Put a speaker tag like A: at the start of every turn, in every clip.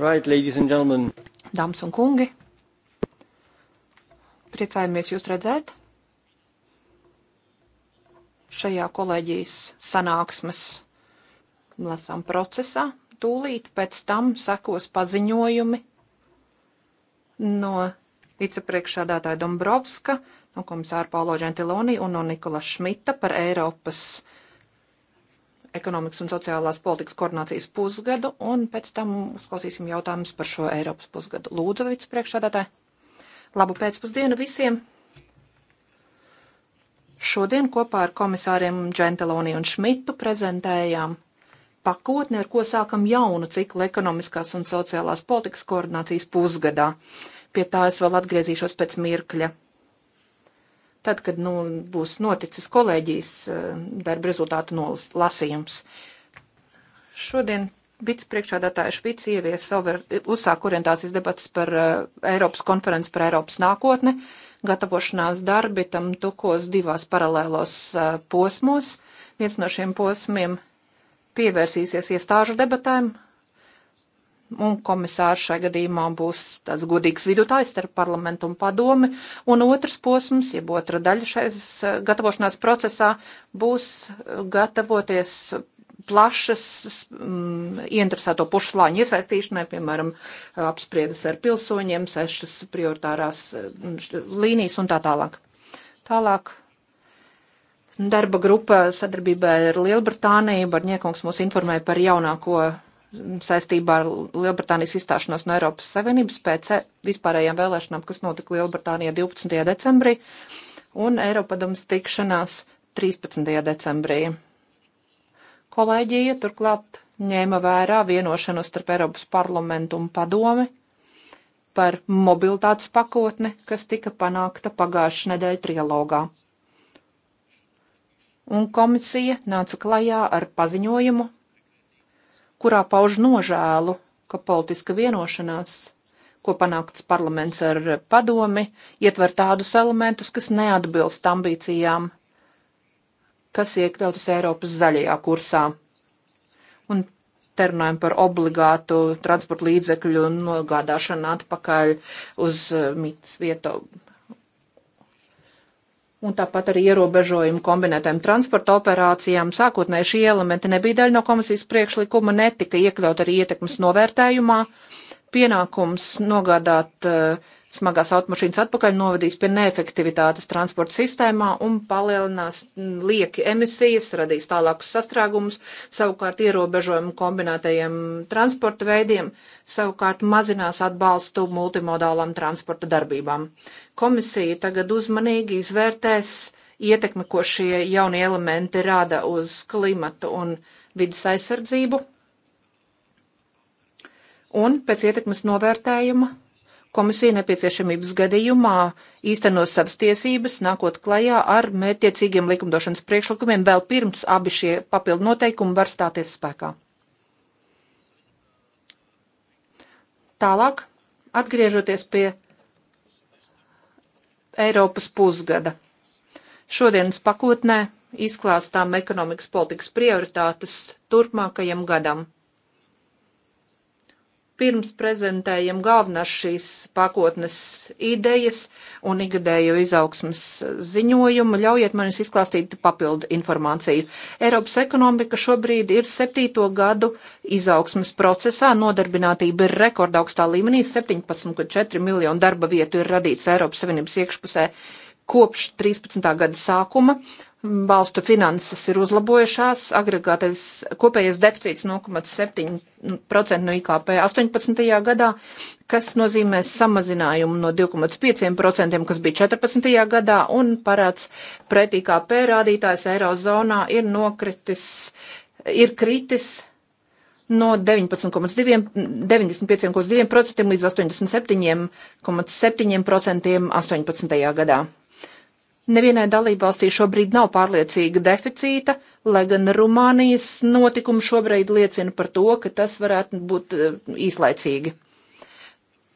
A: Right, ladies and gentlemen. Dāmas un kungi, priecājamies jūs redzēt šajā kolēģijas sanāksmes lasām procesā. Tūlīt pēc tam sekos paziņojumi no vicepriekšādātāja Dombrovska, no komisāra Paulo Gentiloni un no Nikola Šmita par Eiropas ekonomikas un sociālās politikas koordinācijas pusgadu, un pēc tam uzklausīsim jautājumus par šo Eiropas pusgadu. Lūdzu, vicepriekšādātāji, labu pēcpusdienu visiem! Šodien kopā ar komisāriem Dženteloni un Šmitu prezentējām pakotni, ar ko sākam jaunu ciklu ekonomiskās un sociālās politikas koordinācijas pusgadā. Pie tā es vēl atgriezīšos pēc mirkļa tad, kad nu, būs noticis kolēģijas eh, darba rezultātu nolasījums. Šodien Bits priekšādātāja Švits ievies savu uzsāk orientācijas debats par eh, Eiropas konferenci par Eiropas nākotni, gatavošanās darbi tam tukos divās paralēlos eh, posmos. Viens no šiem posmiem pievērsīsies iestāžu debatēm, un komisārs šai gadījumā būs tāds godīgs vidutājs starp parlamentu un padomi, un otrs posms, jeb otra daļa šais eh, gatavošanās procesā, būs eh, gatavoties plašas mm, interesēto pušu slāņu iesaistīšanai, piemēram, apspriedas ar pilsoņiem, sešas prioritārās eh, līnijas un tā tālāk. Tālāk darba grupa sadarbībā ar Lielbritāniju, Barņiekungs mūs informēja par jaunāko saistībā ar Lielbritānijas izstāšanos no Eiropas Savienības pēc vispārējām vēlēšanām, kas notika Lielbritānijā 12. decembrī, un Eiropadomas tikšanās 13. decembrī. Kolēģija turklāt ņēma vērā vienošanos starp Eiropas parlamentu un padomi par mobilitātes pakotni, kas tika panākta pagājušā nedēļa trilogā. Un komisija nāca klajā ar paziņojumu kurā pauž nožēlu, ka politiska vienošanās, ko panākts parlaments ar padomi, ietver tādus elementus, kas neatbilst ambīcijām, kas iekļautas Eiropas zaļajā kursā. Un te runājam par obligātu transporta līdzekļu nogādāšanu atpakaļ uz mītnes vietu un tāpat arī ierobežojumu kombinētām transporta operācijām. Sākotnēji šie elementi nebija daļa no komisijas priekšlikuma, netika iekļaut arī ietekmes novērtējumā. Pienākums nogādāt uh, smagās automašīnas atpakaļ novadīs pie neefektivitātes transporta sistēmā un palielinās mm, lieki emisijas, radīs tālākus sastrēgumus, savukārt ierobežojumu kombinētajiem transporta veidiem, savukārt mazinās atbalstu multimodālām transporta darbībām. Komisija tagad uzmanīgi izvērtēs ietekmi, ko šie jaunie elementi rada uz klimatu un vidas aizsardzību. Un pēc ietekmes novērtējuma Komisija nepieciešamības gadījumā īstenos savas tiesības, nākot klajā ar mērķiecīgiem likumdošanas priekšlikumiem vēl pirms abi šie papildu noteikumi var stāties spēkā. Tālāk, atgriežoties pie Eiropas pusgada. Šodienas pakotnē izklāstām ekonomikas politikas prioritātes turpmākajam gadam. Pirms prezentējam galvenās šīs pakotnes idejas un ikgadējo izaugsmas ziņojumu, ļaujiet man jums izklāstīt papildu informāciju. Eiropas ekonomika šobrīd ir septīto gadu izaugsmas procesā, nodarbinātība ir rekordaugstā līmenī, 17,4 miljonu darba vietu ir radīts Eiropas Savienības iekšpusē kopš 13. gada sākuma valstu finanses ir uzlabojušās, agregātais kopējais deficīts 0,7% no IKP 18. gadā, kas nozīmē samazinājumu no 2,5%, kas bija 14. gadā, un parāds pret IKP rādītājs Eirozonā ir nokritis, ir kritis no 19,95% līdz 87,7% 18. gadā. Nevienai dalībvalstī šobrīd nav pārliecīga deficīta, lai gan Rumānijas notikumi šobrīd liecina par to, ka tas varētu būt eh, īslaicīgi.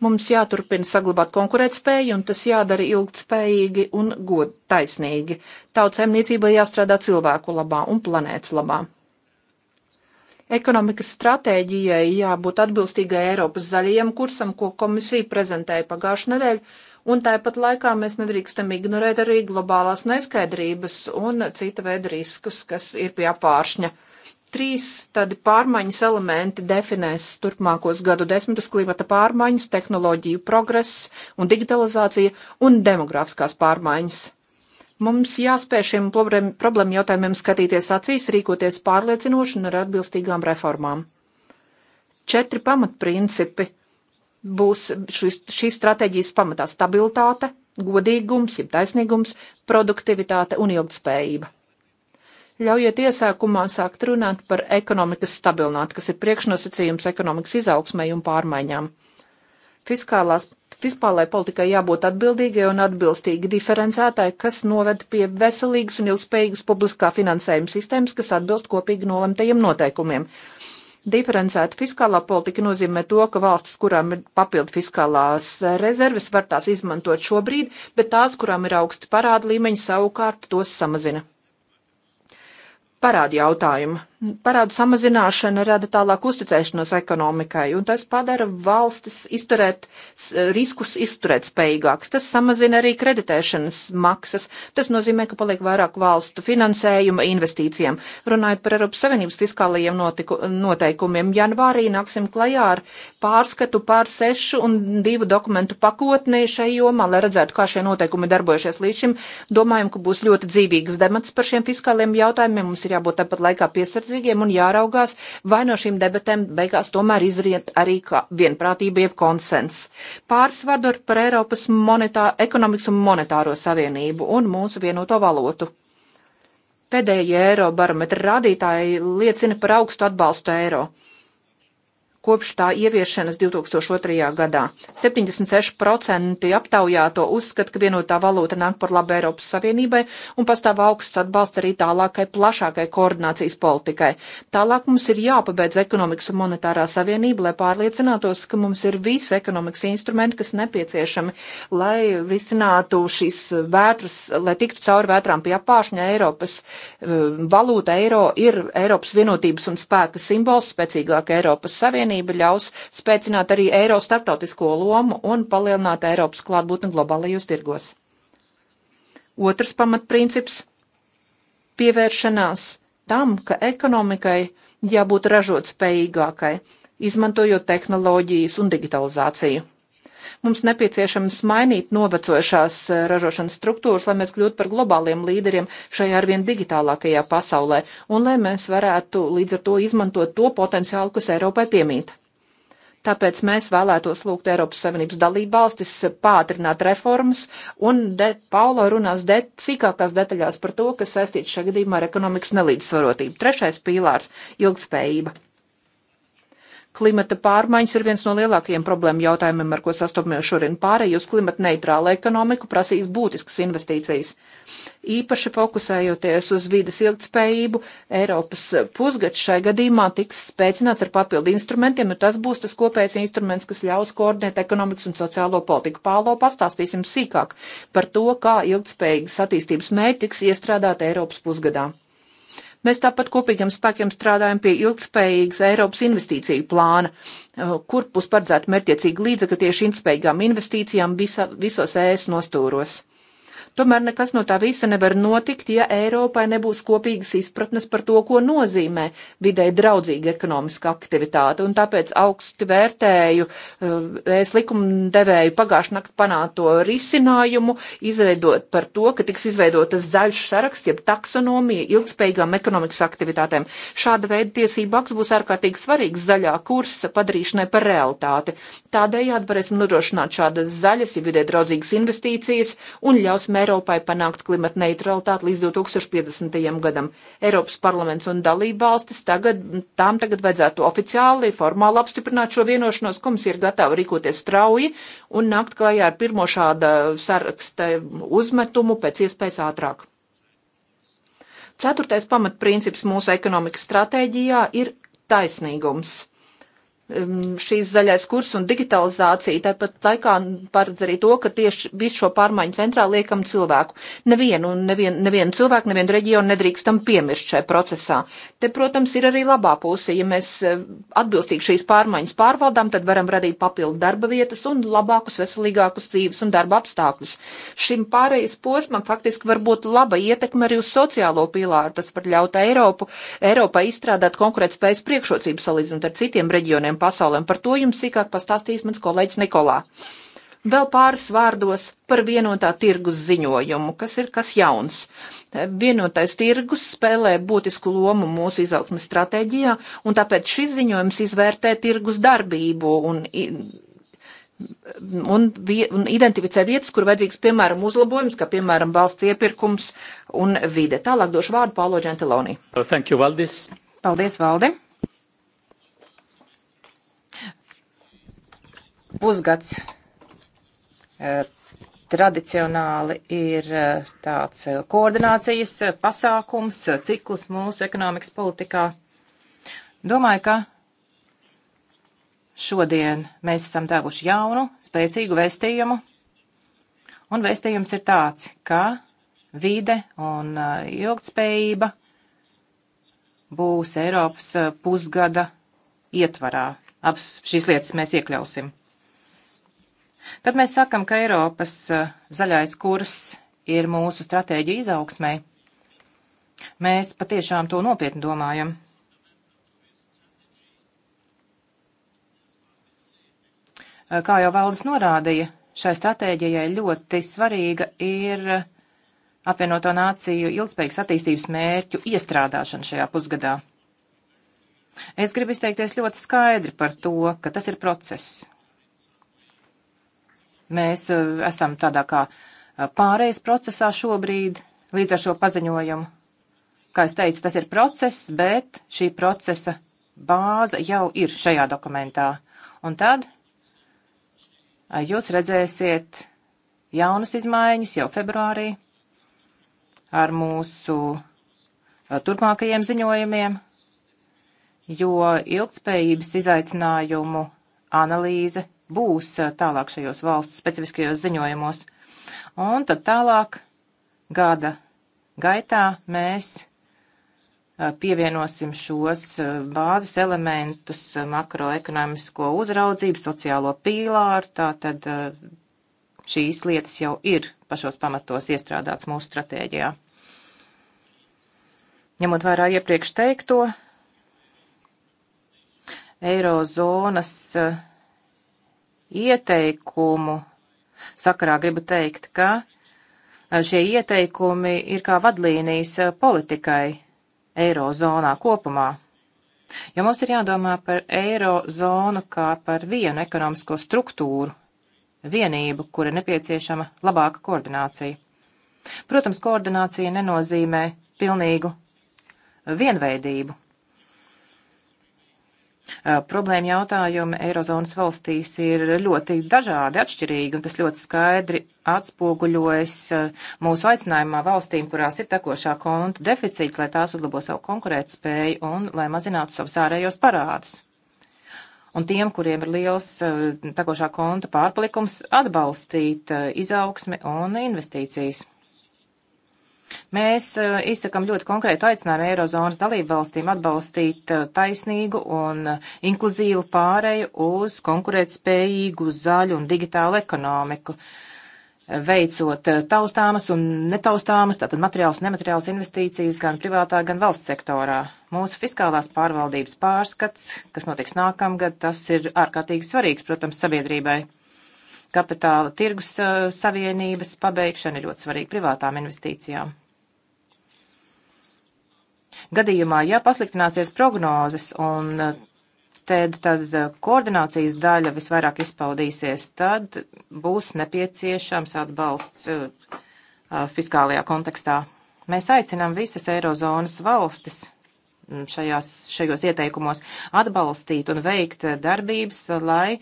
A: Mums jāturpina saglabāt konkurētspēju, un tas jādara ilgtspējīgi un godtaisnīgi. Tautsēmniecībai jāstrādā cilvēku labā un planētas labā. Ekonomikas stratēģijai jābūt atbilstīgai Eiropas zaļajam kursam, ko komisija prezentēja pagājušajā nedēļā Un tāpat laikā mēs nedrīkstam ignorēt arī globālās neskaidrības un cita veida riskus, kas ir pie apāršņa. Trīs tādi pārmaiņas elementi definēs turpmākos gadu desmitus klimata pārmaiņas, tehnoloģiju progress un digitalizācija un demografiskās pārmaiņas. Mums jāspēj šiem problēmu jautājumiem skatīties acīs, rīkoties pārliecinoši un ar atbilstīgām reformām. Četri pamatprincipi būs šīs, šīs stratēģijas pamatā stabilitāte, godīgums, jeb taisnīgums, produktivitāte un ilgtspējība. Ļaujiet iesākumā sākt runāt par ekonomikas stabilitāti, kas ir priekšnosacījums ekonomikas izaugsmai un pārmaiņām. Fiskālās Fiskālajai politikai jābūt atbildīgai un atbilstīgi diferencētai, kas noved pie veselīgas un ilgspējīgas publiskā finansējuma sistēmas, kas atbilst kopīgi nolemtajiem noteikumiem. Diferencēta fiskālā politika nozīmē to, ka valstis, kurām ir papildu fiskālās rezerves, var tās izmantot šobrīd, bet tās, kurām ir augsti parāda līmeņi, savukārt tos samazina. Parāda jautājumu. Parādu samazināšana rada tālāk uzticēšanos ekonomikai, un tas padara valstis izturēt, riskus izturēt spējīgāks. Tas samazina arī kreditēšanas maksas. Tas nozīmē, ka paliek vairāk valstu finansējuma investīcijiem. Runājot par Eiropas Savienības fiskālajiem notiku, noteikumiem, janvārī nāksim klajā ar pārskatu pār sešu un divu dokumentu pakotnē šai jomā, lai redzētu, kā šie noteikumi darbojušies līdz šim. Domājam, ka būs ļoti dzīvīgs debats par šiem fiskāliem jautājumiem. Mums ir jābūt tāpat laikā piesardzīgiem līdzdalībniekiem un jāraugās, vai no šīm debatēm beigās tomēr izriet arī vienprātība jeb konsens. Pāris vārdu par Eiropas monetā, ekonomikas un monetāro savienību un mūsu vienoto valotu. Pēdējie eiro barometra rādītāji liecina par augstu atbalstu eiro kopš tā ieviešanas 2002. gadā. 76% aptaujāto uzskata, ka vienotā valūta nāk par labu Eiropas Savienībai un pastāv augsts atbalsts arī tālākai plašākai koordinācijas politikai. Tālāk mums ir jāpabeidz ekonomikas un monetārā savienība, lai pārliecinātos, ka mums ir visi ekonomikas instrumenti, kas nepieciešami, lai risinātu šīs vētras, lai tiktu cauri vētrām pie apāšņa Eiropas. Eh, valūta eiro ir Eiropas vienotības un spēka simbols, spēcīgāka Eiropas Savienība Savienība ļaus spēcināt arī eiro starptautisko lomu un palielināt Eiropas klātbūtni globālajos tirgos. Otrs pamatprincips - pievēršanās tam, ka ekonomikai jābūt ražot spējīgākai, izmantojot tehnoloģijas un digitalizāciju. Mums nepieciešams mainīt novecojušās eh, ražošanas struktūras, lai mēs kļūtu par globāliem līderiem šajā arvien digitālākajā pasaulē un lai mēs varētu līdz ar to izmantot to potenciālu, kas Eiropai piemīt. Tāpēc mēs vēlētos lūgt Eiropas Savienības dalību valstis pātrināt reformas, un de, Paula runās de, cikākās detaļās par to, kas saistīts šajā gadījumā ar ekonomikas nelīdzsvarotību. Trešais pīlārs - ilgspējība. Klimata pārmaiņas ir viens no lielākajiem problēmu jautājumiem, ar ko sastopamies šodien. Pārējai uz klimata neitrālu ekonomiku prasīs būtiskas investīcijas. Īpaši fokusējoties uz vides ilgtspējību, Eiropas pusgads šai gadījumā tiks spēcināts ar papildu instrumentiem, un tas būs tas kopējais instruments, kas ļaus koordinēt ekonomikas un sociālo politiku. Pālo pastāstīsim sīkāk par to, kā ilgtspējīgas attīstības mērķi tiks iestrādāt Eiropas pusgadā. Mēs tāpat kopīgiem spēkiem strādājam pie ilgspējīgas Eiropas investīciju plāna, eh, kur būs paredzēta mērķiecīga līdzekļa tieši ilgspējīgām investīcijām visa, visos ES nostūros. Tomēr nekas no tā visa nevar notikt, ja Eiropai nebūs kopīgas izpratnes par to, ko nozīmē vidē draudzīga ekonomiska aktivitāte. Un tāpēc augstu vērtēju eh, es likumdevēju pagājušā naktī panāto risinājumu, izveidot par to, ka tiks izveidotas zaļš saraksts, jeb taksonomija ilgspējīgām ekonomikas aktivitātēm. Šāda veida tiesība aks būs ārkārtīgi svarīgs zaļā kursa padarīšanai par realitāti. Tādējādi varēsim nodrošināt šādas zaļas, ja vidē draudzīgas investīcijas un ļaus mērķi Eiropai panākt klimata neutralitāti līdz 2050. gadam. Eiropas parlaments un dalība valstis tagad, tām tagad vajadzētu oficiāli, formāli apstiprināt šo vienošanos, komisija ir gatava rīkoties strauji un nākt klajā ar pirmo šāda saraksta uzmetumu pēc iespējas ātrāk. Ceturtais pamatprincips mūsu ekonomikas stratēģijā ir taisnīgums Um, šīs zaļais kurs un digitalizācija, tāpat laikā paredz arī to, ka tieši visu šo pārmaiņu centrā liekam cilvēku. Nevienu, nevienu, nevienu cilvēku, nevienu reģionu nedrīkstam piemirst šajā procesā. Te, protams, ir arī labā puse. Ja mēs uh, atbilstīgi šīs pārmaiņas pārvaldām, tad varam radīt papildu darba vietas un labākus, veselīgākus dzīves un darba apstākļus. Šim pārējais posmam faktiski var būt laba ietekme arī uz sociālo pilāru. Tas var ļaut Eiropu, Eiropai izstrādāt konkurētspējas priekšrocības salīdzinot ar citiem reģioniem reģioniem pasaulēm. Par to jums sīkāk pastāstīs mans kolēģis Nikolā. Vēl pāris vārdos par vienotā tirgus ziņojumu, kas ir kas jauns. Vienotais tirgus spēlē būtisku lomu mūsu izaugsmes stratēģijā, un tāpēc šis ziņojums izvērtē tirgus darbību un, un, un identificē vietas, kur vajadzīgs, piemēram, uzlabojums, kā piemēram valsts iepirkums un vide. Tālāk došu vārdu Paulo Gentiloni. Thank you, Valdis. Paldies, Valdi. pusgads eh,
B: tradicionāli ir eh, tāds eh, koordinācijas pasākums, cikls mūsu ekonomikas politikā. Domāju, ka šodien mēs esam devuši jaunu, spēcīgu vēstījumu. Un vēstījums ir tāds, ka vide un ilgtspējība būs Eiropas pusgada ietvarā. Abas šīs lietas mēs iekļausim. Kad mēs sakam, ka Eiropas eh, zaļais kurs ir mūsu stratēģija izaugsmai, mēs patiešām to nopietni domājam. Eh, kā jau valdes norādīja, šai stratēģijai ļoti svarīga ir apvienoto nāciju ilgspējīgas attīstības mērķu iestrādāšana šajā pusgadā. Es gribu izteikties ļoti skaidri par to, ka tas ir process. Mēs e, esam tādā kā e, pārejas procesā šobrīd līdz ar šo paziņojumu. Kā es teicu, tas ir process, bet šī procesa bāze jau ir šajā dokumentā. Un tad e, jūs redzēsiet jaunas izmaiņas jau februārī ar mūsu turpmākajiem ziņojumiem, jo ilgspējības izaicinājumu analīze būs tālāk šajos valsts specifiskajos ziņojumos. Un tad tālāk gada gaitā mēs pievienosim šos bāzes elementus, makroekonomisko uzraudzību, sociālo pīlāru, tātad šīs lietas jau ir pašos pamatos iestrādāts mūsu stratēģijā. Ņemot vērā iepriekš teikto, eirozonas uh, ieteikumu sakarā gribu teikt, ka eh, šie ieteikumi ir kā vadlīnijas eh, politikai Eirozonā kopumā. Jo mums ir jādomā par Eirozonu kā par vienu ekonomisko struktūru, vienību, kura nepieciešama labāka koordinācija. Protams, koordinācija nenozīmē pilnīgu vienveidību. Problēma jautājumi Eirozonas valstīs ir ļoti dažādi, atšķirīgi, un tas ļoti skaidri atspoguļojas mūsu aicinājumā valstīm, kurās ir tekošā konta deficīts, lai tās uzlabo savu konkurētspēju un lai mazinātu savus ārējos parādus. Un tiem, kuriem ir liels tekošā konta pārpalikums, atbalstīt izaugsmi un investīcijas. Mēs uh, izsakam ļoti konkrētu aicinājumu Eirozonas dalību valstīm atbalstīt uh, taisnīgu un uh, inkluzīvu pāreju uz konkurētspējīgu, zaļu un digitālu ekonomiku veicot taustāmas un netaustāmas, tātad materiāls un nemateriāls investīcijas gan privātā, gan valsts sektorā. Mūsu fiskālās pārvaldības pārskats, kas notiks nākamgad, tas ir ārkārtīgi svarīgs, protams, sabiedrībai. Kapitāla tirgus savienības pabeigšana ir ļoti svarīga privātām investīcijām. Gadījumā, ja pasliktināsies prognozes un eh, tad, tad eh, koordinācijas daļa visvairāk izpaudīsies, tad būs nepieciešams atbalsts eh, fiskālajā kontekstā. Mēs aicinām visas Eirozonas valstis mm, šajās, šajos ieteikumos atbalstīt un veikt darbības, lai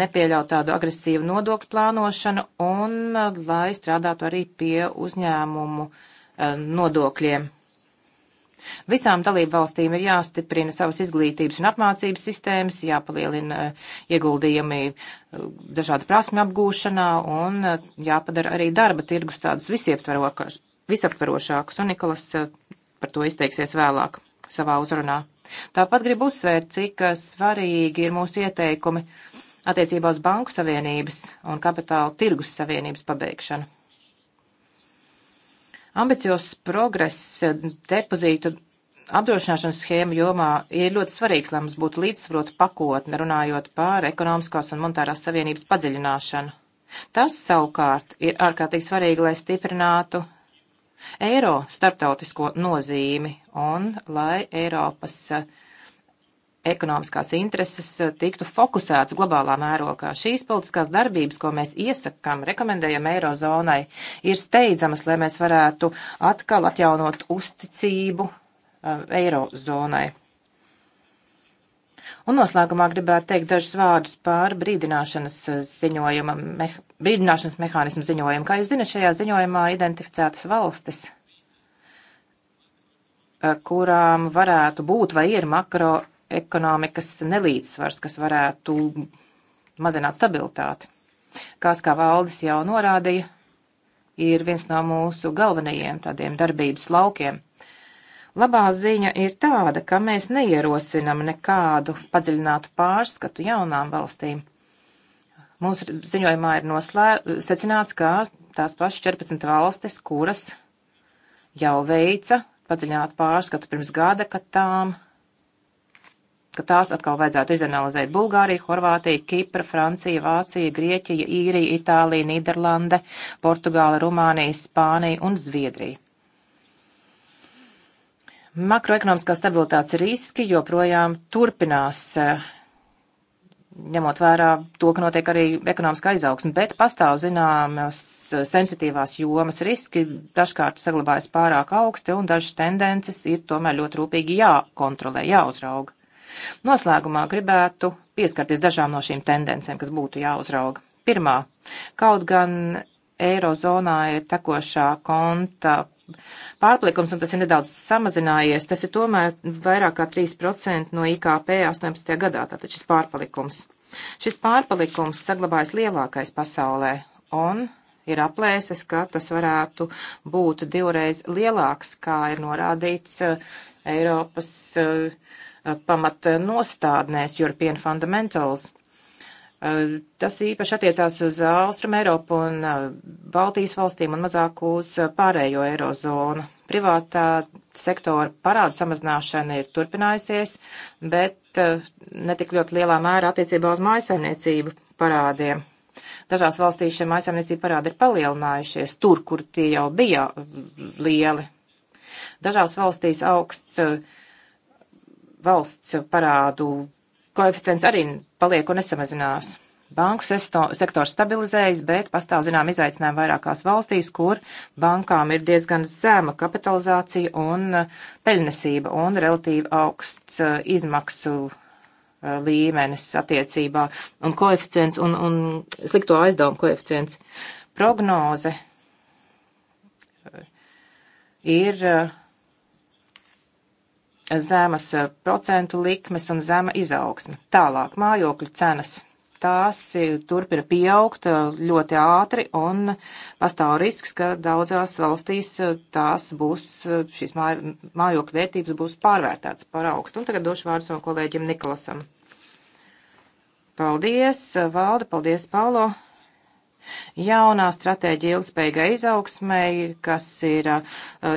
B: nepieļaut tādu agresīvu nodokļu plānošanu un lai strādātu arī pie uzņēmumu nodokļiem. Visām dalībvalstīm ir jāstiprina savas izglītības un apmācības sistēmas, jāpalielina eh, ieguldījumi eh, dažādu prasmu apgūšanā un eh, jāpadara arī darba tirgus tādus visaptverošākus, un Nikolas par to izteiksies vēlāk savā uzrunā. Tāpat gribu uzsvērt, cik svarīgi ir mūsu ieteikumi attiecībā uz Banku Savienības un Kapitāla tirgus Savienības pabeigšanu. Ambiciozs progress eh, depozītu apdrošināšanas schēma jomā ir ļoti svarīgs, lai mums būtu līdzsvarota pakotne, runājot par ekonomiskās un monetārās savienības padziļināšanu. Tas savukārt ir ārkārtīgi svarīgi, lai stiprinātu eiro starptautisko nozīmi un lai Eiropas uh, ekonomiskās intereses eh, tiktu fokusētas globālā mērogā. Šīs politiskās darbības, ko mēs iesakām, rekomendējam Eirozonai, ir steidzamas, lai mēs varētu atkal atjaunot uzticību eh, Eirozonai. Un noslēgumā gribētu teikt dažus vārdus par brīdināšanas, eh, ziņojuma, meha, brīdināšanas mehānismu ziņojumu. Kā jūs zinat, šajā ziņojumā identificētas valstis, kurām varētu būt vai ir makro ekonomikas nelīdzsvars, kas varētu mazināt stabilitāti. Kās kā valdes jau norādīja, ir viens no mūsu galvenajiem tādiem darbības laukiem. Labā ziņa ir tāda, ka mēs neierosinam nekādu padziļinātu pārskatu jaunām valstīm. Mūsu ziņojumā ir noslē... secināts, ka tās pašas 14 valstis, kuras jau veica padziļinātu pārskatu pirms gada, ka tām ka tās atkal vajadzētu izanalizēt Bulgārija, Horvātija, Kipra, Francija, Vācija, Grieķija, Īrija, Itālija, Nīderlande, Portugāla, Rumānija, Spānija un Zviedrija. Makroekonomiskā stabilitātes riski joprojām turpinās eh, ņemot vērā to, ka notiek arī ekonomiska izaugsme, bet pastāv zināmas eh, sensitīvās jomas riski, dažkārt saglabājas pārāk augsti un dažas tendences ir tomēr ļoti rūpīgi jākontrolē, jāuzrauga. Noslēgumā gribētu pieskarties dažām no šīm tendencēm, kas būtu jāuzrauga. Pirmā, kaut gan eirozonā ir tekošā konta pārplikums, un tas ir nedaudz samazinājies, tas ir tomēr vairāk kā 3% no IKP 18. gadā, tātad šis pārpalikums. Šis pārpalikums saglabājas lielākais pasaulē, un ir aplēses, ka tas varētu būt divreiz lielāks, kā ir norādīts eh, Eiropas uh, pamat nostādnēs European Fundamentals. Eh, tas īpaši attiecās uz Austrum Eiropu un eh, Baltijas valstīm un mazāk uz pārējo Eirozonu. Privātā sektora parāda samazināšana ir turpinājusies, bet eh, netik ļoti lielā mērā attiecībā uz mājasaimniecību parādiem. Dažās valstīs šie mājasaimniecība parādi ir palielinājušies tur, kur tie jau bija lieli. Dažās valstīs augsts uh, valsts parādu koeficients arī paliek un nesamazinās. Banku sektors stabilizējas, bet pastāv zinām izaicinājumi vairākās valstīs, kur bankām ir diezgan zema kapitalizācija un uh, peļnesība un relatīvi augsts uh, izmaksu uh, līmenis attiecībā un koeficients un, un slikto aizdevumu koeficients. Prognoze ir uh, zemas eh, procentu likmes un zema izaugsme. Tālāk mājokļu cenas. Tās eh, turpina pieaugt eh, ļoti ātri un pastāv risks, ka daudzās valstīs tās būs, šīs māj, mājokļu vērtības būs pārvērtētas par augstu. Un tagad došu vārdu savam kolēģim Nikolasam. Paldies, Valde, paldies, Paulo. Jaunā stratēģija ilgspējīgai izaugsmai, kas ir uh,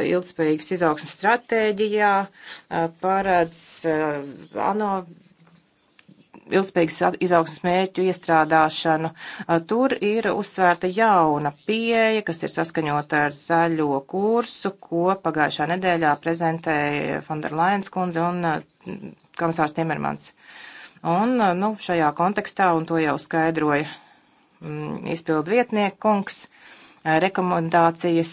B: ilgspējīgas izaugsmas stratēģijā, uh, paredz uh, ANO ilgspējīgas izaugsmas mērķu iestrādāšanu. Uh, tur ir uzsvērta jauna pieeja, kas ir saskaņota ar zaļo kursu, ko pagājušā nedēļā prezentēja Fonderlains kundze un uh, komisārs Timermans. Un, uh, nu, šajā kontekstā, un to jau skaidroja Mm, izpildu vietnieku kungs rekomendācijas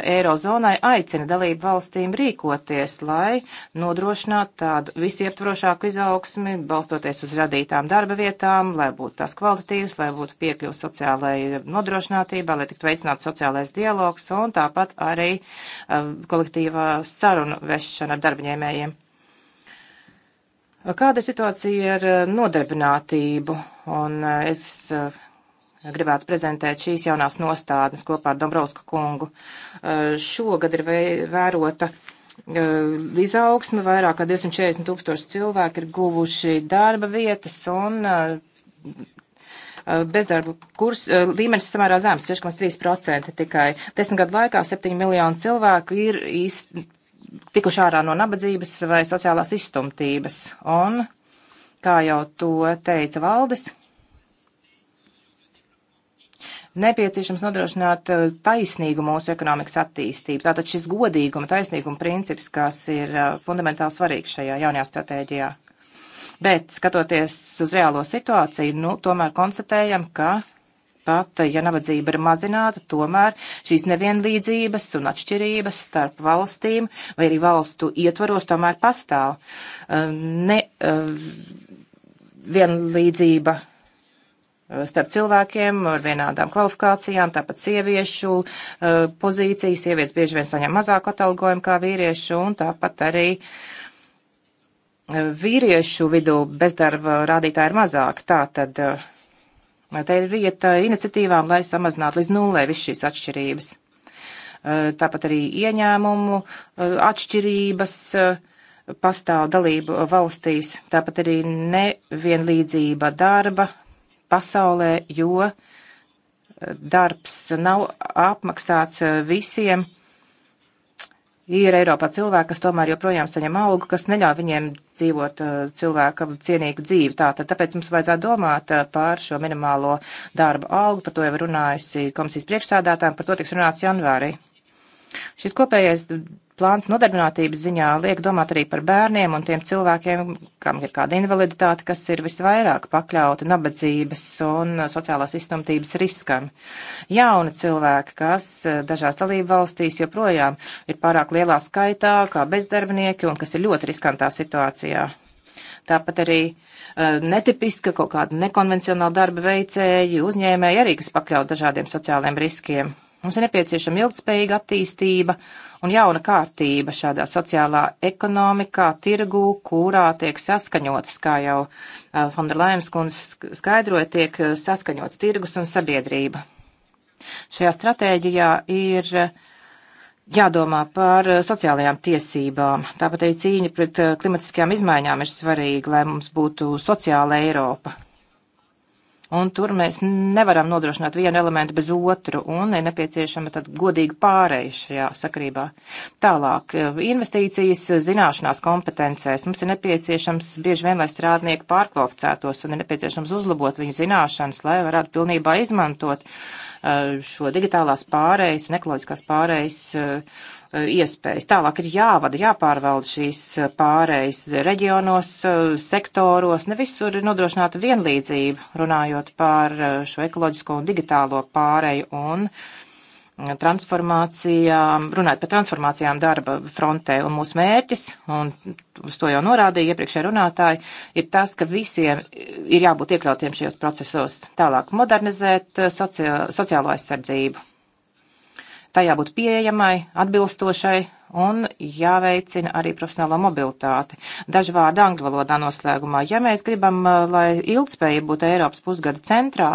B: Eirozonai aicina dalību valstīm rīkoties, lai nodrošinātu tādu visieptvarošāku izaugsmi, balstoties uz radītām darba vietām, lai būtu tās kvalitatīvas, lai būtu piekļuvs sociālai nodrošinātībai, lai tiktu veicināts sociālais dialogs un tāpat arī kolektīvā sarunu vešana ar darbaņēmējiem. Kāda ir situācija ar nodarbinātību? Un es uh, gribētu prezentēt šīs jaunās nostādnes kopā ar Dombrovska kungu. Eh, šogad ir vērota eh, izaugsme, vairāk kā 240 tūkstoši cilvēki ir guvuši darba vietas un eh, bezdarba kurs, līmenis samērā zems, 6,3% tikai. Desmit gadu laikā 7 miljonu cilvēku ir īst, tikuši ārā no nabadzības vai sociālās izstumtības. Un, kā jau to teica Valdis, nepieciešams nodrošināt eh, taisnīgu mūsu ekonomikas attīstību. Tātad šis godīguma, taisnīguma princips, kas ir eh, fundamentāli svarīgs šajā jaunajā stratēģijā. Bet, skatoties uz reālo situāciju, nu, tomēr konstatējam, ka pat, ja nabadzība ir mazināta, tomēr šīs nevienlīdzības un atšķirības starp valstīm vai arī valstu ietvaros tomēr pastāv. Eh, ne, vienlīdzība Eh, starp cilvēkiem ar vienādām kvalifikācijām, tāpat sieviešu eh, pozīcijas. Sievietes bieži vien saņem mazāku atalgojumu kā vīriešu, un tāpat arī eh, vīriešu vidū bezdarba rādītāji ir mazāki. Tā tad te ir vieta iniciatīvām, lai samazinātu līdz nulē visu šīs atšķirības. Tāpat arī ieņēmumu atšķirības pastāv dalību valstīs, tāpat arī nevienlīdzība darba pasaulē, jo eh, darbs nav apmaksāts eh, visiem. Ir Eiropā cilvēki, kas tomēr joprojām saņem algu, kas neļauj viņiem dzīvot eh, cilvēkam cienīgu dzīvi. Tātad, tāpēc mums vajadzētu domāt par šo minimālo darba algu, par to jau runājusi komisijas priekšsādātājiem, par to tiks runāts janvārī. Šis kopējais plāns nodarbinātības ziņā liek domāt arī par bērniem un tiem cilvēkiem, kam ir kāda invaliditāte, kas ir visvairāk pakļauti nabadzības un sociālās izstumtības riskam. Jauni cilvēki, kas eh, dažās dalību valstīs joprojām ir pārāk lielā skaitā, kā bezdarbnieki un kas ir ļoti riskantā situācijā. Tāpat arī uh, netipiska kaut kāda nekonvencionāla darba veicēji, uzņēmēji arī, kas pakļaut dažādiem sociāliem riskiem. Mums ir nepieciešama ilgtspējīga attīstība un jauna kārtība šādā sociālā ekonomikā, tirgū, kurā tiek saskaņotas, kā jau Fonderlaimas kundze skaidroja, tiek saskaņots tirgus un sabiedrība. Šajā stratēģijā ir jādomā par sociālajām tiesībām. Tāpat arī cīņa pret klimatiskajām izmaiņām ir svarīga, lai mums būtu sociāla Eiropa un tur mēs nevaram nodrošināt vienu elementu bez otru, un ir nepieciešama tad godīga pārēja šajā sakarībā. Tālāk, investīcijas zināšanās kompetencēs. Mums ir nepieciešams bieži vien, lai strādnieki pārkvalificētos, un ir nepieciešams uzlabot viņu zināšanas, lai varētu pilnībā izmantot uh, šo digitālās pārējas un ekoloģiskās pārējas uh, iespējas. Tālāk ir jāvada, jāpārvalda šīs eh, pārējas reģionos, eh, sektoros, ne visur ir nodrošināta vienlīdzība, runājot par eh, šo ekoloģisko un digitālo pārēju un transformācijām, runājot par transformācijām darba frontē un mūsu mērķis, un uz to jau norādīja iepriekšēji runātāji, ir tas, ka visiem ir jābūt iekļautiem šajos procesos. Tālāk modernizēt sociā, sociālo aizsardzību tajā būt pieejamai, atbilstošai un jāveicina arī profesionālā mobilitāte. Daži vārdi angļu valodā noslēgumā. Ja mēs gribam, uh, lai ilgspējība būtu Eiropas pusgada centrā,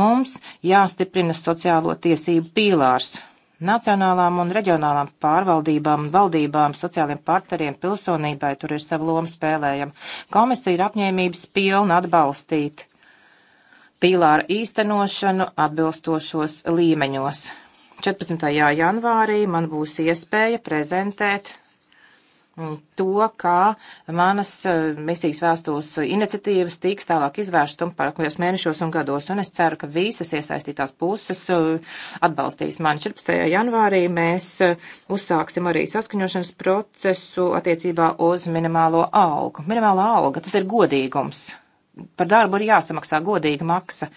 B: mums jāstiprina sociālo tiesību pīlārs. Nacionālām un reģionālām pārvaldībām un valdībām, sociāliem partneriem, pilsonībai tur ir sava loma spēlējama. Komisija ir apņēmības pilna atbalstīt pīlāra īstenošanu atbilstošos līmeņos. 14. janvārī man būs iespēja prezentēt mm, to, kā manas eh, misijas vēstules iniciatīvas tiks tālāk izvērstas turpmākajos mēnešos un gados, un es ceru, ka visas iesaistītās puses eh, atbalstīs mani. 14. janvārī mēs eh, uzsāksim arī saskaņošanas procesu attiecībā uz minimālo algu. Minimālā alga, tas ir godīgums. Par darbu ir jāsamaksā godīga maksa.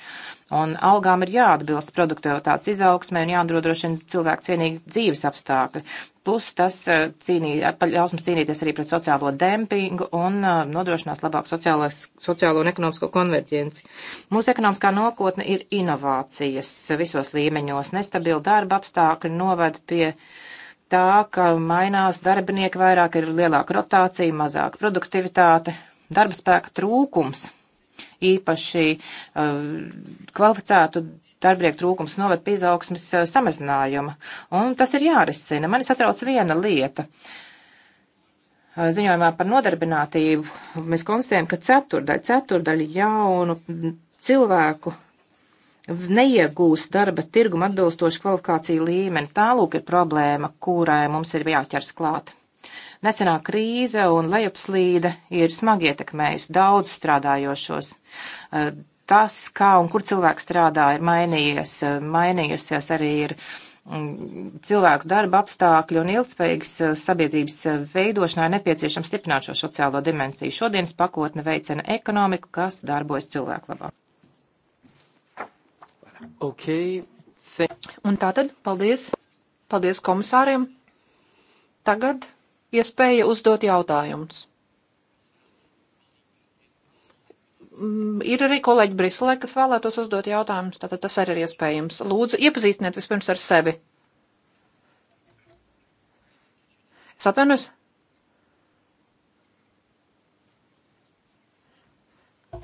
B: Un algām ir jāatbilst produktivitātes izaugsmē un jānodrošina cilvēku cienīgi dzīves apstākļi. Plus tas eh, cīnī, ļaus mums cīnīties arī pret sociālo dempingu un eh, nodrošinās labāku sociālo un ekonomisko konverģenci. Mūsu ekonomiskā nākotne ir inovācijas visos līmeņos. Nestabili darba apstākļi noved pie tā, ka mainās darbinieki, vairāk ir lielāka rotācija, mazāka produktivitāte, darba spēka trūkums īpaši uh, kvalificētu darbinieku trūkums noved pie izaugsmes uh, samazinājuma. Un tas ir jārisina. Mani satrauc viena lieta. Uh, ziņojumā par nodarbinātību mēs konstatējam, ka ceturdaļa, ceturdaļa jaunu cilvēku neiegūst darba tirguma atbilstoši kvalifikāciju līmeni. Tālūk ir problēma, kurai mums ir jāķers klāt. Nesenā krīze un lejupslīde ir smagi ietekmējusi daudz strādājošos. Eh, tas, kā un kur cilvēks strādā, ir mainījies, eh, mainījusies arī ir mm, cilvēku darba apstākļi un ilgspējīgas eh, sabiedrības veidošanā ir nepieciešams stiprināt šo sociālo dimensiju. Šodienas pakotne veicina ekonomiku, kas darbojas cilvēku labā. Okay.
A: Un tātad paldies. Paldies komisāriem. Tagad iespēja uzdot jautājumus. Mm, ir arī kolēģi Briselē, kas vēlētos uzdot jautājumus, tātad tas arī ir iespējams. Lūdzu, iepazīstiniet vispirms ar sevi. Es atvainojos.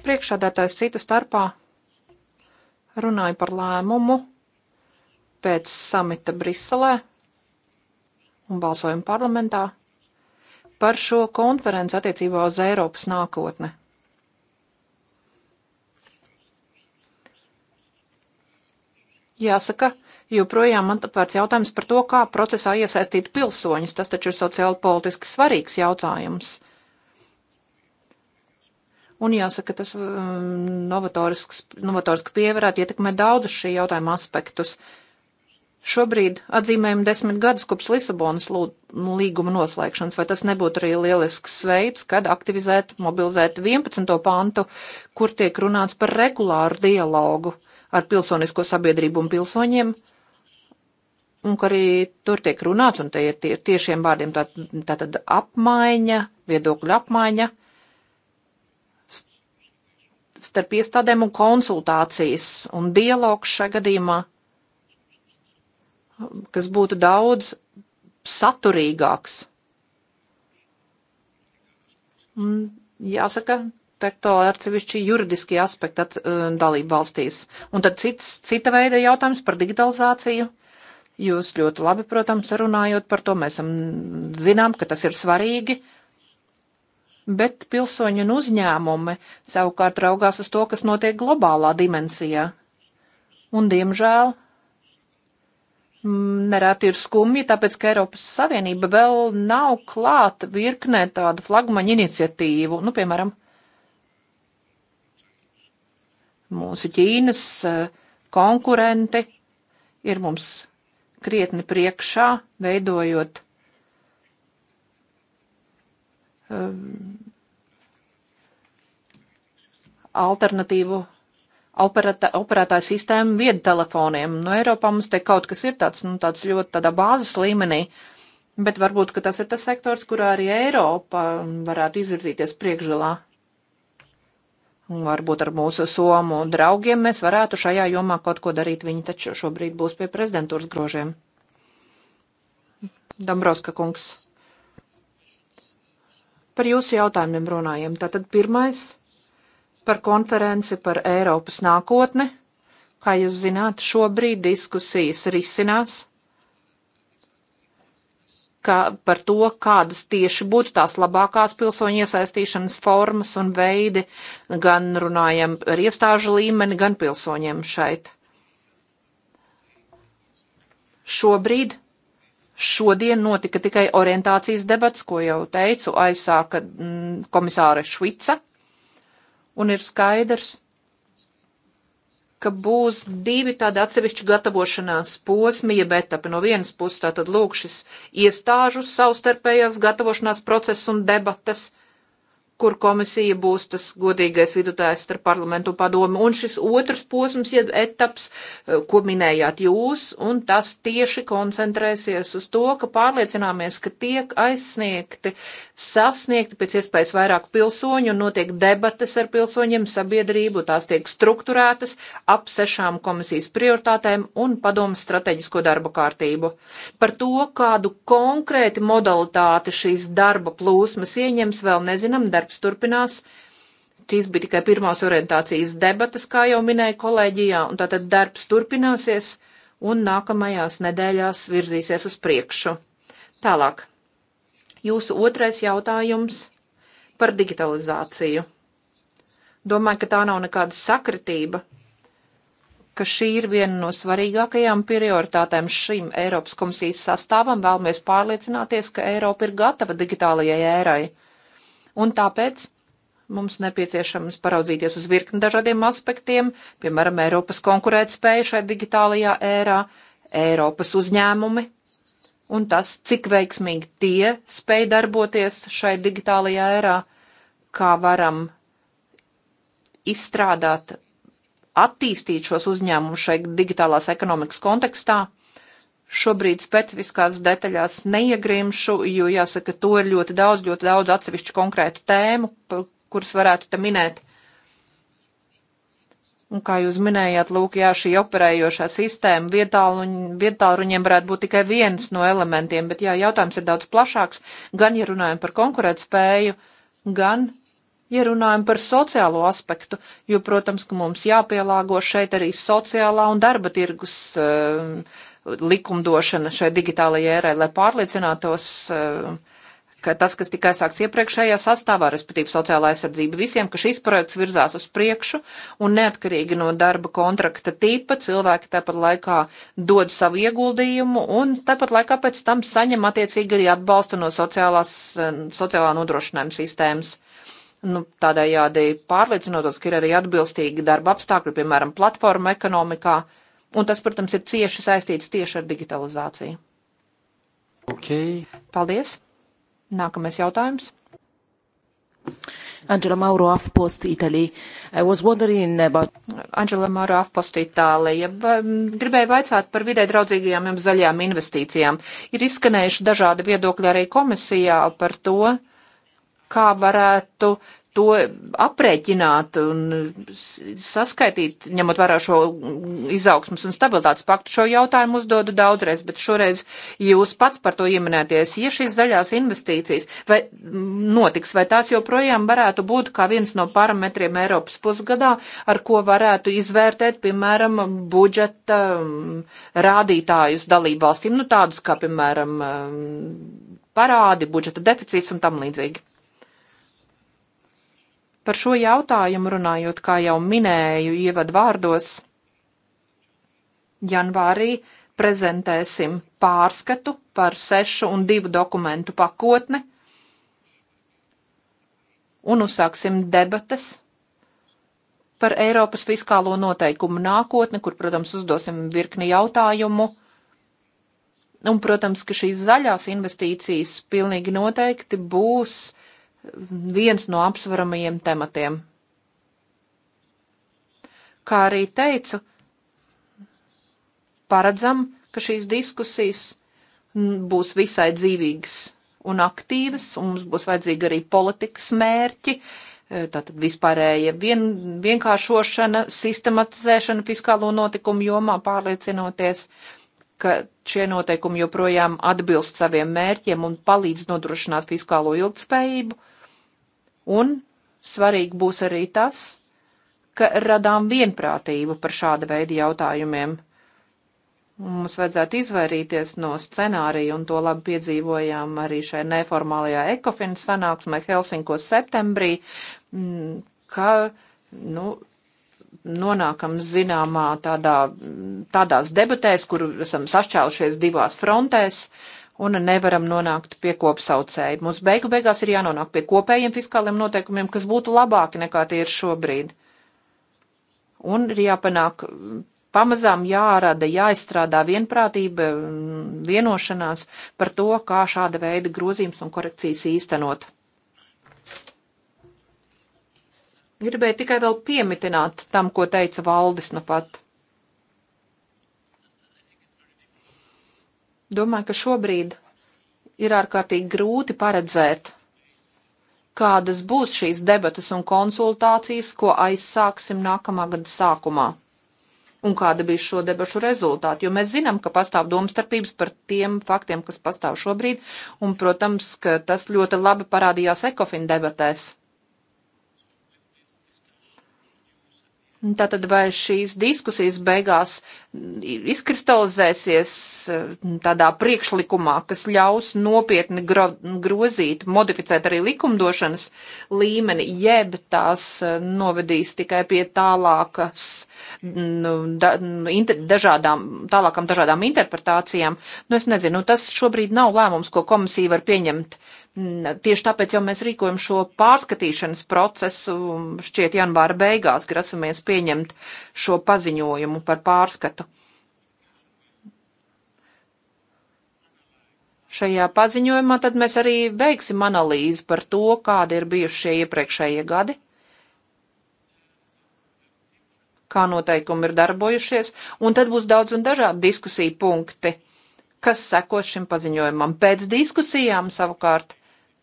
A: Priekšādātājs cita starpā runāja par lēmumu pēc samita Briselē un balsojumu parlamentā par šo konferenci attiecībā uz Eiropas nākotne. Jāsaka, joprojām man atvērts jautājums par to, kā procesā iesaistīt pilsoņus. Tas taču ir sociāli politiski svarīgs jautājums. Un jāsaka, tas um, novatorisks, novatorisks pievarētu ietekmē daudzus šī jautājuma aspektus. Uh, Šobrīd atzīmējam desmit gadus kopš Lisabonas līguma noslēgšanas, vai tas nebūtu arī lielisks veids, kad aktivizēt, mobilizēt 11. pantu, kur tiek runāts par regulāru dialogu ar pilsonisko sabiedrību un pilsoņiem, un ka arī tur tiek runāts, un te ir tie, tiešiem vārdiem tā, tā tad apmaiņa, viedokļu apmaiņa starp iestādēm un konsultācijas un dialogs šajā gadījumā kas būtu daudz saturīgāks. Un, jāsaka, aspektu, atsevišķi juridiskie aspekti at, uh, dalību valstīs. Un tad cits, cita veida jautājums par digitalizāciju. Jūs ļoti labi, protams, runājot par to, mēs zinām, ka tas ir svarīgi, bet pilsoņi un uzņēmumi savukārt raugās uz to, kas notiek globālā dimensijā. Un, diemžēl, nereti ir skumji, tāpēc, ka Eiropas Savienība vēl nav klāta virknē tādu flagmaņu iniciatīvu, nu, piemēram, mūsu Ķīnas eh, konkurenti ir mums krietni priekšā, veidojot um, alternatīvu operata, operētāja sistēmu viedtelefoniem. No Eiropā mums te kaut kas ir tāds, nu, tāds ļoti tādā bāzes līmenī, bet varbūt, ka tas ir tas sektors, kurā arī Eiropa varētu izvirzīties priekšgalā. Un varbūt ar mūsu somu draugiem mēs varētu šajā jomā kaut ko darīt. Viņi taču šobrīd būs pie prezidentūras grožiem. Dambrovska kungs. Par jūsu jautājumiem runājam. Tātad pirmais par konferenci par Eiropas nākotni. Kā jūs zināt, šobrīd diskusijas risinās ka par to, kādas tieši būtu tās labākās pilsoņu iesaistīšanas formas un veidi, gan runājam ar iestāžu līmeni, gan pilsoņiem šeit. Šobrīd, šodien notika tikai orientācijas debats, ko jau teicu, aizsāka mm, komisāra Švica un ir skaidrs, ka būs divi tādi atsevišķi gatavošanās posmi, jeb etapi. No vienas puses tātad lūk šis iestāžu savstarpējās gatavošanās process un debatas kur komisija būs tas godīgais vidutājs starp parlamentu padomu, un šis otrs posms, jeb etaps, eh, ko minējāt jūs, un tas tieši koncentrēsies uz to, ka pārliecināmies, ka tiek aizsniegti, sasniegti pēc iespējas vairāk pilsoņu, un notiek debates ar pilsoņiem, sabiedrību, tās tiek strukturētas ap sešām komisijas prioritātēm un padomu strateģisko darba kārtību. Par to, kādu konkrēti modalitāti šīs darba plūsmas ieņems, vēl nezinām, darba darbs turpinās. Šīs bija tikai pirmās orientācijas debatas, kā jau minēja kolēģijā, un tātad darbs turpināsies un nākamajās nedēļās virzīsies uz priekšu. Tālāk. Jūsu otrais jautājums par digitalizāciju. Domāju, ka tā nav nekāda sakritība, ka šī ir viena no svarīgākajām prioritātēm šim Eiropas komisijas sastāvam. Vēlamies pārliecināties, ka Eiropa ir gatava digitālajai ērai Un tāpēc mums nepieciešams paraudzīties uz virkni dažādiem aspektiem, piemēram, Eiropas konkurētspēja šai digitālajā ērā, Eiropas uzņēmumi un tas, cik veiksmīgi tie spēj darboties šai digitālajā ērā, kā varam izstrādāt, attīstīt šos uzņēmumus šai digitālās ekonomikas kontekstā Šobrīd specifiskās detaļās neiegrimšu, jo jāsaka, to ir ļoti daudz, ļoti daudz atsevišķu konkrētu tēmu, kuras varētu te minēt. Un kā jūs minējāt, lūk, jā, šī operējošā sistēma vietāluņiem varētu būt tikai viens no elementiem, bet jā, jautājums ir daudz plašāks, gan ja runājam par konkurētspēju, gan ja runājam par sociālo aspektu, jo, protams, ka mums jāpielāgo šeit arī sociālā un darba tirgus uh, likumdošana šai digitālajai ērai, lai pārliecinātos, eh, ka tas, kas tika aizsākts iepriekšējā sastāvā, respektīvi sociālā aizsardzība visiem, ka šis projekts virzās uz priekšu un neatkarīgi no darba kontrakta tipa cilvēki tāpat laikā dod savu ieguldījumu un tāpat laikā pēc tam saņem attiecīgi arī atbalstu no sociālās, eh, sociālā nodrošinājuma sistēmas nu, tādējādi pārliecinoties, ka ir arī atbilstīgi darba apstākļi, piemēram, platforma ekonomikā, Un tas, protams, ir cieši saistīts tieši ar digitalizāciju. Okay. Paldies! Nākamais jautājums. Angela Mauro Afpost Itālija. I was wondering about... Angela Mauro Afpost Itālija. Gribēju vaicāt par vidē draudzīgajām un zaļajām investīcijām. Ir izskanējuši dažādi viedokļi arī komisijā par to, kā varētu to aprēķināt un saskaitīt, ņemot vērā šo izaugsmas un stabilitātes paktu, šo jautājumu uzdodu daudzreiz, bet šoreiz jūs pats par to ieminēties. Ja šīs zaļās investīcijas vai notiks, vai tās joprojām varētu būt kā viens no parametriem Eiropas pusgadā, ar ko varētu izvērtēt, piemēram, budžeta um, rādītājus dalību valstīm, nu tādus kā, piemēram, um, parādi, budžeta deficīts un tam līdzīgi. Par šo jautājumu runājot, kā jau minēju ievadvārdos, janvārī prezentēsim pārskatu par sešu un divu dokumentu pakotni un uzsāksim debatas par Eiropas fiskālo noteikumu nākotni, kur, protams, uzdosim virkni jautājumu. Un, protams, ka šīs zaļās investīcijas pilnīgi noteikti būs uh, viens no apsvaramajiem tematiem. Kā arī teicu, paredzam, ka šīs diskusijas būs visai dzīvīgas un aktīvas, un mums būs vajadzīgi arī politikas mērķi, e, tātad vispārēja vien, vienkāršošana, sistematizēšana fiskālo notikumu jomā, pārliecinoties, ka šie noteikumi joprojām atbilst saviem mērķiem un palīdz nodrošināt fiskālo ilgtspējību Un svarīgi būs arī tas, ka radām vienprātību par šāda veida jautājumiem. Mums vajadzētu izvairīties no scenārija, un to labi piedzīvojām arī šai neformālajā ekofina sanāksmē Helsinkos septembrī, mm, ka, nu, nonākam zināmā tādā, tādās debatēs, kur esam sašķēlušies divās frontēs, un nevaram nonākt pie kopsaucēja. Mums beigu beigās ir jānonāk pie kopējiem fiskāliem noteikumiem, kas būtu labāki nekā tie ir šobrīd. Un ir jāpanāk pamazām jārada, jāizstrādā vienprātība, vienošanās par to, kā šāda veida grozījums un korekcijas īstenot. Gribēju tikai vēl piemitināt tam, ko teica Valdis nu pat Domāju, ka šobrīd ir ārkārtīgi grūti paredzēt, kādas būs šīs debatas un konsultācijas, ko aizsāksim nākamā gada sākumā. Un kāda bija šo debašu rezultāti, jo mēs zinām, ka pastāv domstarpības par tiem faktiem, kas pastāv šobrīd, un, protams, ka tas ļoti labi parādījās ekofin debatēs. Tātad vai šīs diskusijas beigās izkristalizēsies eh, tādā priekšlikumā, kas ļaus nopietni gro, grozīt, modificēt arī likumdošanas līmeni, jeb tās eh, novedīs tikai pie tālākas, nu, da, inter, dažādām, tālākam dažādām interpretācijām. Nu, es nezinu, tas šobrīd nav lēmums, ko komisija var pieņemt Tieši tāpēc jau mēs rīkojam šo pārskatīšanas procesu, šķiet janvāra beigās grasamies pieņemt šo paziņojumu par pārskatu. Šajā paziņojumā tad mēs arī veiksim analīzi par to, kādi ir bijuši šie iepriekšējie gadi, kā noteikumi ir darbojušies, un tad būs daudz un dažādi diskusiju punkti, kas sekos šim paziņojumam. Pēc diskusijām savukārt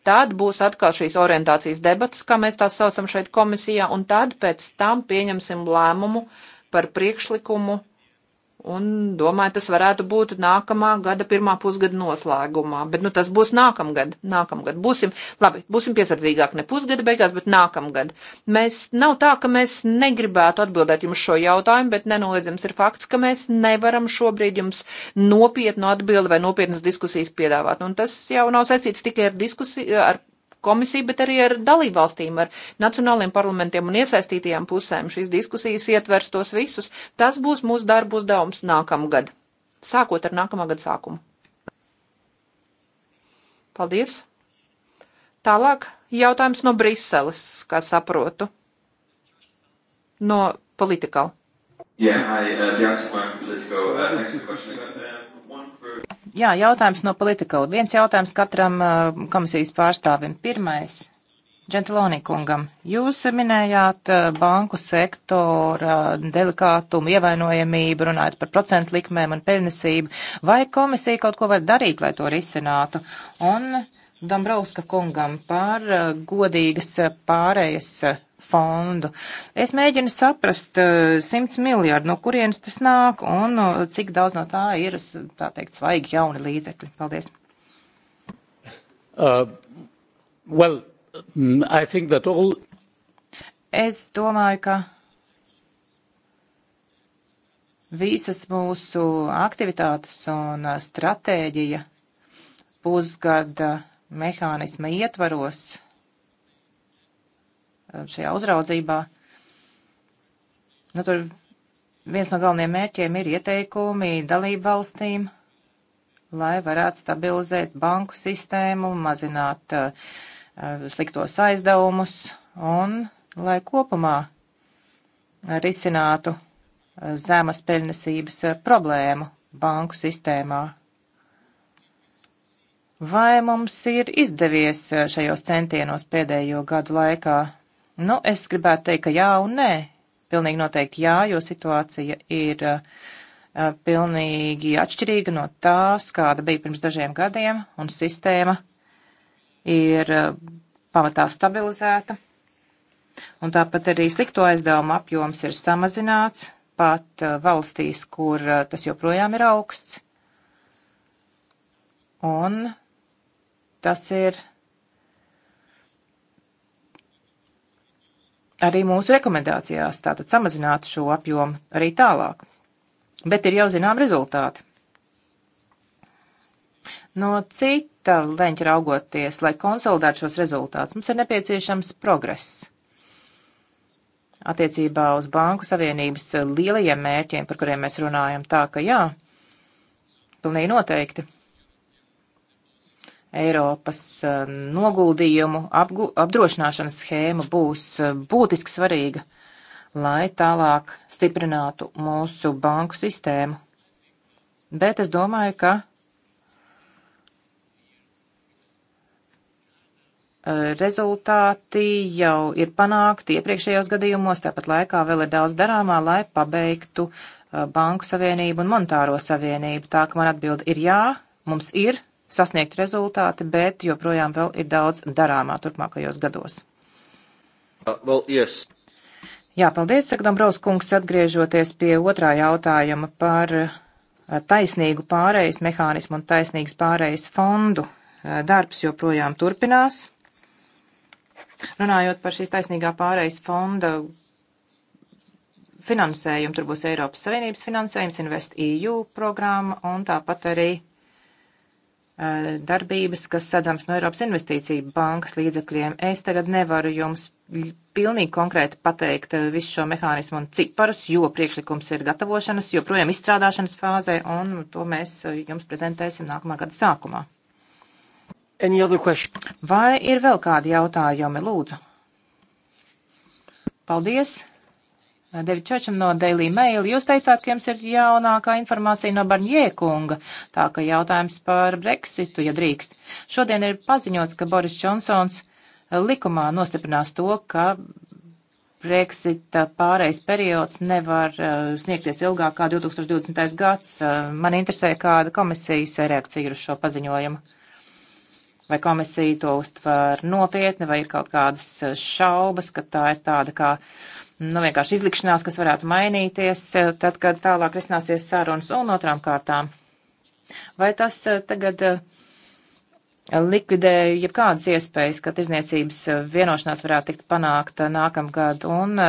A: Tad būs atkal šīs orientācijas debatas, kā mēs tās saucam šeit komisijā, un tad pēc tam pieņemsim lēmumu par priekšlikumu Un domāju, tas varētu būt nākamā gada pirmā pusgada noslēgumā. Bet nu, tas būs nākamgad. Nākamgad būsim, labi, būsim piesardzīgāki ne pusgada beigās, bet nākamgad. Mēs nav tā, ka mēs negribētu atbildēt jums šo jautājumu, bet nenoliedzams ir fakts, ka mēs nevaram šobrīd jums nopietnu atbildi vai nopietnas diskusijas piedāvāt. Un tas jau nav saistīts tikai ar diskusiju, ar komisiju, bet arī ar dalībvalstīm, ar nacionāliem parlamentiem un iesaistītajām pusēm. Šīs diskusijas ietvers tos visus. Tas būs mūsu darba uzdevums nākamgad, sākot ar nākamā gada sākumu. Paldies! Tālāk jautājums no Briseles, kā saprotu, no politikāla. Yeah, hi, uh, Dion Simon
B: from Politico. Uh, thanks for the question. Jā, jautājums no politika. Viens jautājums katram uh, komisijas pārstāvim. Pirmais. Džentlonī kungam, jūs minējāt uh, banku sektora delikātumu, ievainojamību, runājot par procentu likmēm un pelnesību. Vai komisija kaut ko var darīt, lai to risinātu? Un Dombrovska kungam par uh, godīgas pārējas fondu. Es mēģinu saprast 100 eh, miljardu, no kurienes tas nāk un eh, cik daudz no tā ir, tā teikt, svaigi jauni līdzekļi. Paldies.
A: Uh, well, mm, I think that all.
B: Es domāju, ka visas mūsu aktivitātes un eh, stratēģija pusgada mehānisma ietvaros Uh, šajā uzraudzībā. Nu, tur viens no galvenajiem mērķiem ir ieteikumi dalību valstīm, lai varētu stabilizēt banku sistēmu, mazināt uh, uh sliktos aizdevumus un lai kopumā risinātu uh, zemes peļnesības problēmu banku sistēmā. Vai mums ir izdevies šajos centienos pēdējo gadu laikā? Nu, es gribētu teikt, ka jā un nē. Pilnīgi noteikti jā, jo situācija ir uh, uh, pilnīgi atšķirīga no tās, kāda bija pirms dažiem gadiem, un sistēma ir uh, pamatā stabilizēta. Un tāpat arī slikto aizdevumu apjoms ir samazināts pat uh, valstīs, kur uh, tas joprojām ir augsts. Un tas ir arī mūsu rekomendācijās, tātad samazināt šo apjomu arī tālāk. Bet ir jau zinām rezultāti. No cita leņķa raugoties, lai konsolidētu šos rezultātus, mums ir nepieciešams progress attiecībā uz Banku Savienības lielajiem mērķiem, par kuriem mēs runājam, tā ka jā, pilnīgi noteikti. Eiropas eh, noguldījumu apgu, apdrošināšanas schēma būs eh, būtiski svarīga, lai tālāk stiprinātu mūsu banku sistēmu. Bet es domāju, ka eh, rezultāti jau ir panākti iepriekšējos gadījumos, tāpat laikā vēl ir daudz darāmā, lai pabeigtu Banku Savienību un Monetāro Savienību. Tā ka man atbildi ir jā, mums ir sasniegt rezultāti, bet joprojām vēl ir daudz darāmā turpmākajos gados. Uh, well, yes. Jā, paldies, saka Dombrovs kungs, atgriežoties pie otrā jautājuma par uh, taisnīgu pārejas mehānismu un taisnīgas pārejas fondu. Uh, darbs joprojām turpinās. Runājot par šīs taisnīgā pārejas fonda finansējumu, tur būs Eiropas Savienības finansējums, Invest EU programma un tāpat arī darbības, kas sadzams no Eiropas investīcija bankas līdzekļiem. Es tagad nevaru jums pilnīgi konkrēti pateikt eh, visu šo mehānismu un ciparus, jo priekšlikums ir gatavošanas, joprojām izstrādāšanas fāzē, un to mēs eh, jums prezentēsim nākamā gada sākumā. Vai ir vēl kādi jautājumi, lūdzu? Paldies! Devičočam no Daily Mail. Jūs teicāt, ka jums ir jaunākā informācija no Barņē kunga, tā ka jautājums par Brexitu, ja drīkst. Šodien ir paziņots, ka Boris Džonsons eh, likumā nostiprinās to, ka Brexita pārejas periods nevar eh, sniegties ilgāk kā 2020. gads. Eh, man interesē, kāda komisijas reakcija ir uz šo paziņojumu. Vai komisija to uztver nopietni, vai ir kaut kādas šaubas, ka tā ir tāda kā nu, vienkārši izlikšanās, kas varētu mainīties, eh, tad, kad tālāk risināsies sārunas un otrām kārtām. Vai tas eh, tagad eh, likvidē jebkādas iespējas, ka tirzniecības vienošanās varētu tikt panākta nākamgad, un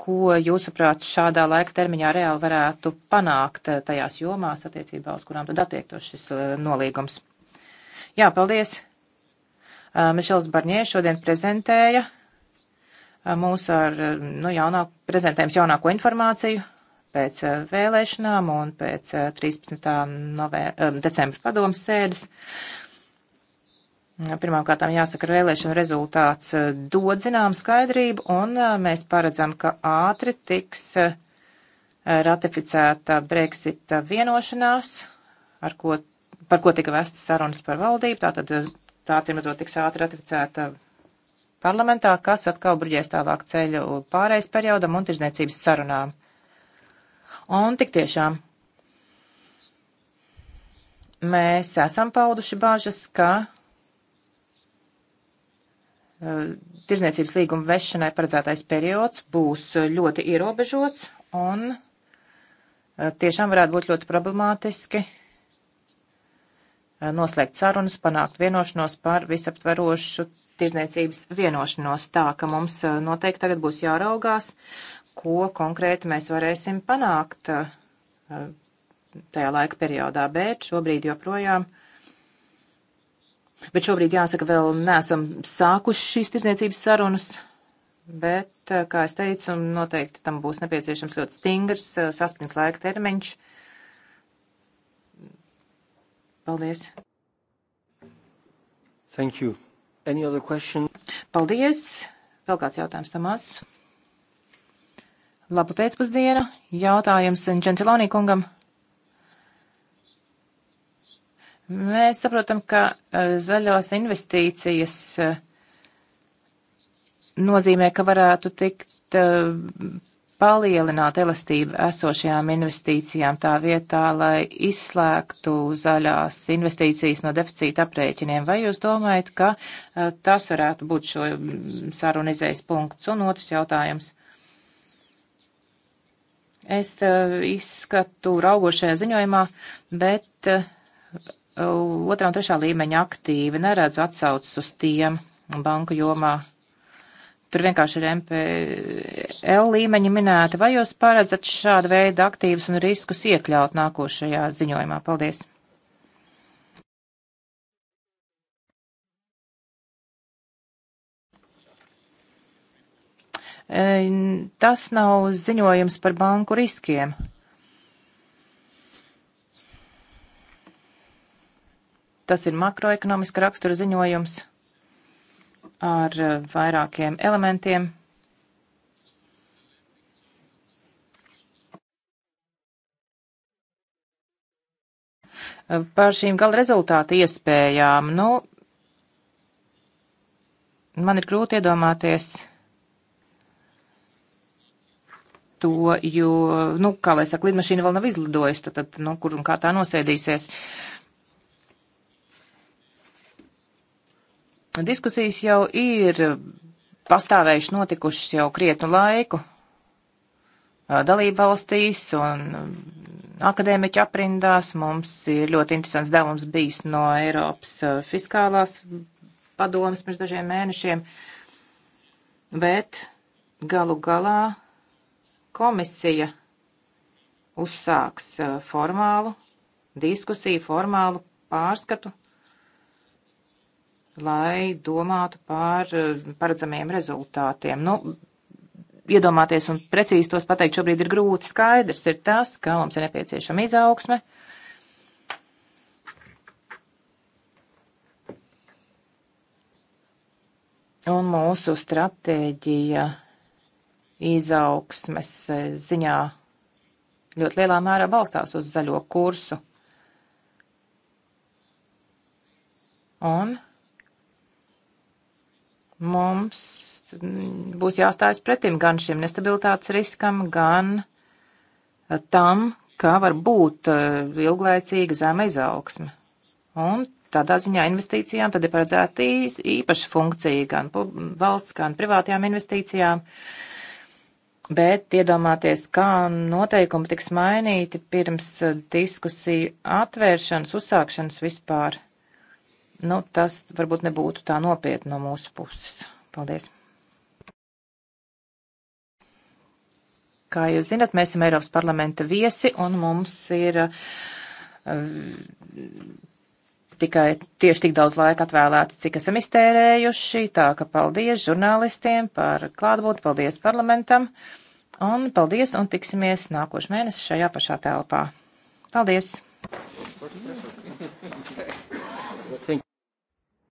B: ko jūsuprāt šādā laika termiņā reāli varētu panākt tajās jomās, attiecībā uz kurām tad attiektos šis nolīgums? Jā, paldies! Mišels Barņē šodien prezentēja uh, Eh, mūs ar eh, nu, jaunāku, prezentējums jaunāko informāciju pēc eh, vēlēšanām un pēc 13. Novē, decembra padomas sēdes. Pirmkārt, jāsaka, vēlēšana rezultāts dod zinām skaidrību, un mēs paredzam, ka ātri tiks ratificēta Brexita vienošanās, ar ko, par ko tika vestas sarunas par valdību. Tātad tā, cīm redzot, tiks ātri ratificēta parlamentā, kas atkal bruģēs tālāk ceļu pārējais periodam un tirzniecības sarunām. Un tik tiešām mēs esam pauduši bāžas, ka e, tirzniecības līguma vešanai paredzētais periods būs ļoti ierobežots un e, tiešām varētu būt ļoti problemātiski noslēgt sarunas, panākt vienošanos par visaptverošu tirzniecības vienošanos. Tā ka mums eh, noteikti tagad būs jāraugās, ko konkrēti mēs varēsim panākt eh, tajā laika periodā, bet šobrīd joprojām. Bet šobrīd jāsaka, vēl neesam sākuši šīs tirzniecības sarunas, bet, eh, kā es teicu, noteikti tam būs nepieciešams ļoti stingrs saspringts laika termiņš. Uh, Paldies! Thank you. Any other question? Paldies! Vēl kāds jautājums tam maz? Labu pēcpusdienu. Jautājums Džentilonī kungam. Mēs saprotam, ka eh, zaļās investīcijas eh, nozīmē, ka varētu tikt eh, palielināt elastību esošajām investīcijām tā vietā, lai izslēgtu zaļās investīcijas no deficīta aprēķiniem? Vai jūs domājat, ka eh, tas varētu būt šo mm, sarunu izējas punkts? Un otrs jautājums. Es eh, izskatu raugošajā ziņojumā, bet eh, otrā un trešā līmeņa aktīvi neredzu atsaucas uz tiem banku jomā tur vienkārši ir MPL līmeņi minēti. Vai jūs paredzat šādu veidu aktīvus un riskus iekļaut nākošajā ziņojumā? Paldies! E, tas nav ziņojums par banku riskiem. Tas ir makroekonomiska rakstura ziņojums ar eh, vairākiem elementiem. Eh, par šīm gala rezultātu iespējām, nu, man ir grūti iedomāties to, jo, nu, kā lai saka, lidmašīna vēl nav izlidojusi, tad, nu, kur un kā tā nosēdīsies. Uh, Diskusijas jau ir pastāvējušas notikušas jau krietnu laiku dalība valstīs un akadēmiķu aprindās. Mums ir ļoti interesants devums bijis no Eiropas fiskālās padomas pirms dažiem mēnešiem, bet galu galā komisija uzsāks formālu diskusiju, formālu pārskatu lai domātu par eh, paredzamiem rezultātiem. Nu, iedomāties un precīzi tos pateikt šobrīd ir grūti skaidrs, ir tas, ka mums ir nepieciešama izaugsme. Un mūsu stratēģija izaugsmes eh, ziņā ļoti lielā mērā balstās uz zaļo kursu. Un mums būs jāstājas pretim gan šim nestabilitātes riskam, gan eh, tam, kā var būt eh, ilglaicīga zema izaugsme. Un tādā ziņā investīcijām tad ir paredzēta īpaša funkcija gan valsts, gan privātajām investīcijām. Bet iedomāties, kā noteikumi tiks mainīti pirms eh, diskusiju atvēršanas, uzsākšanas vispār nu, tas varbūt nebūtu tā nopietni no mūsu puses. Paldies! Kā jūs zinat, mēs esam Eiropas parlamenta viesi un mums ir eh, tikai tieši tik daudz laika atvēlēts, cik esam iztērējuši. Tā ka paldies žurnālistiem par klātbūtni, paldies parlamentam un paldies un tiksimies nākošu mēnesi šajā pašā telpā. Paldies! Thank you.